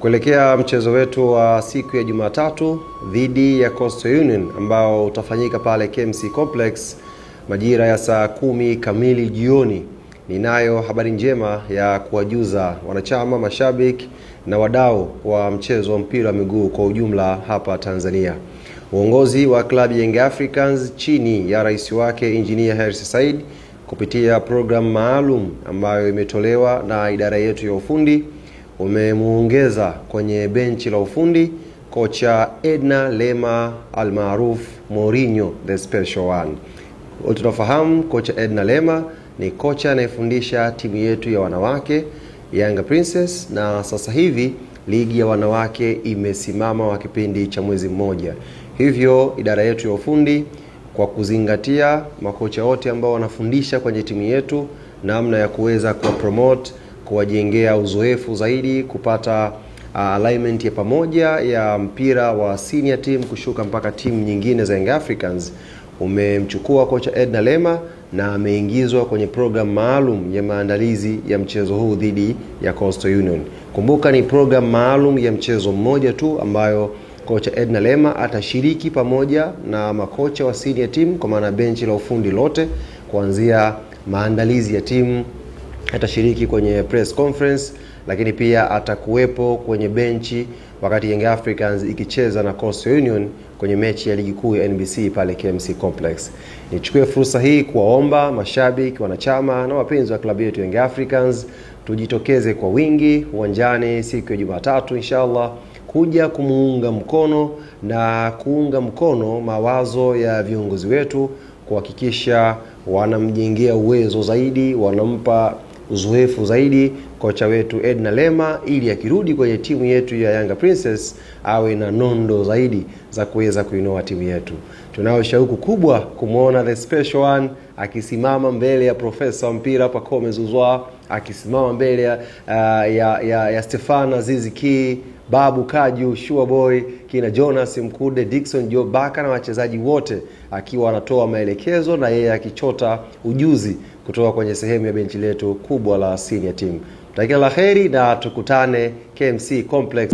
Kuelekea mchezo wetu wa siku ya Jumatatu dhidi ya Coastal Union ambao utafanyika pale KMC Complex majira ya saa kumi kamili jioni, ninayo habari njema ya kuwajuza wanachama, mashabiki na wadau wa mchezo wa mpira wa miguu kwa ujumla hapa Tanzania. Uongozi wa klabu ya Young Africans chini ya rais wake Injinia Hersi Said kupitia programu maalum ambayo imetolewa na idara yetu ya ufundi umemuongeza kwenye benchi la ufundi kocha Edna Lema almaruf Mourinho the special one. Tunafahamu kocha Edna Lema ni kocha anayefundisha timu yetu ya wanawake Yanga Princess, na sasa hivi ligi ya wanawake imesimama kwa kipindi cha mwezi mmoja, hivyo idara yetu ya ufundi kwa kuzingatia makocha wote ambao wanafundisha kwenye timu yetu namna ya kuweza kuwa promote kuwajengea uzoefu zaidi, kupata uh, alignment ya pamoja ya mpira wa senior team kushuka mpaka timu nyingine za Young Africans. Umemchukua kocha Edna Lema na ameingizwa kwenye programu maalum ya maandalizi ya mchezo huu dhidi ya Coastal Union. Kumbuka ni programu maalum ya mchezo mmoja tu ambayo kocha Edna Lema atashiriki pamoja na makocha wa senior team, kwa maana benchi la ufundi lote, kuanzia maandalizi ya timu atashiriki kwenye press conference, lakini pia atakuwepo kwenye benchi wakati Young Africans ikicheza na Coastal Union kwenye mechi ya ligi kuu ya NBC pale KMC Complex. Nichukue fursa hii kuwaomba mashabiki, wanachama na wapenzi wa klabu yetu Young Africans tujitokeze kwa wingi uwanjani siku ya Jumatatu inshallah kuja kumuunga mkono na kuunga mkono mawazo ya viongozi wetu kuhakikisha wanamjengea uwezo zaidi, wanampa uzoefu zaidi kocha wetu Edna Lema, ili akirudi kwenye timu yetu ya Yanga Princess awe na nondo zaidi za kuweza kuinua timu yetu. Tunayo shauku kubwa kumwona the special one akisimama mbele ya profesa mpira Pacome Zouzoua, akisimama mbele ya, uh, ya, ya, ya Stefana Ki, Babu Kaju, Sure Boy, kina Jonas Mkude, Dickson jobaka Baka na wachezaji wote, akiwa anatoa maelekezo na yeye akichota ujuzi kutoka kwenye sehemu ya benchi letu kubwa la senior team. Tutakia la heri na tukutane KMC Complex.